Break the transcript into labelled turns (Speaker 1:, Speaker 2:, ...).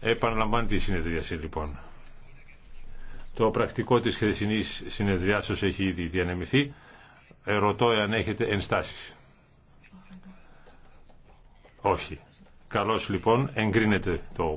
Speaker 1: Επαναλαμβάνεται η συνεδρίαση λοιπόν. Το πρακτικό της χρησινής συνεδριάσεως έχει ήδη διανεμηθεί. Ερωτώ εάν έχετε ενστάσεις. Όχι. Καλώς λοιπόν εγκρίνεται το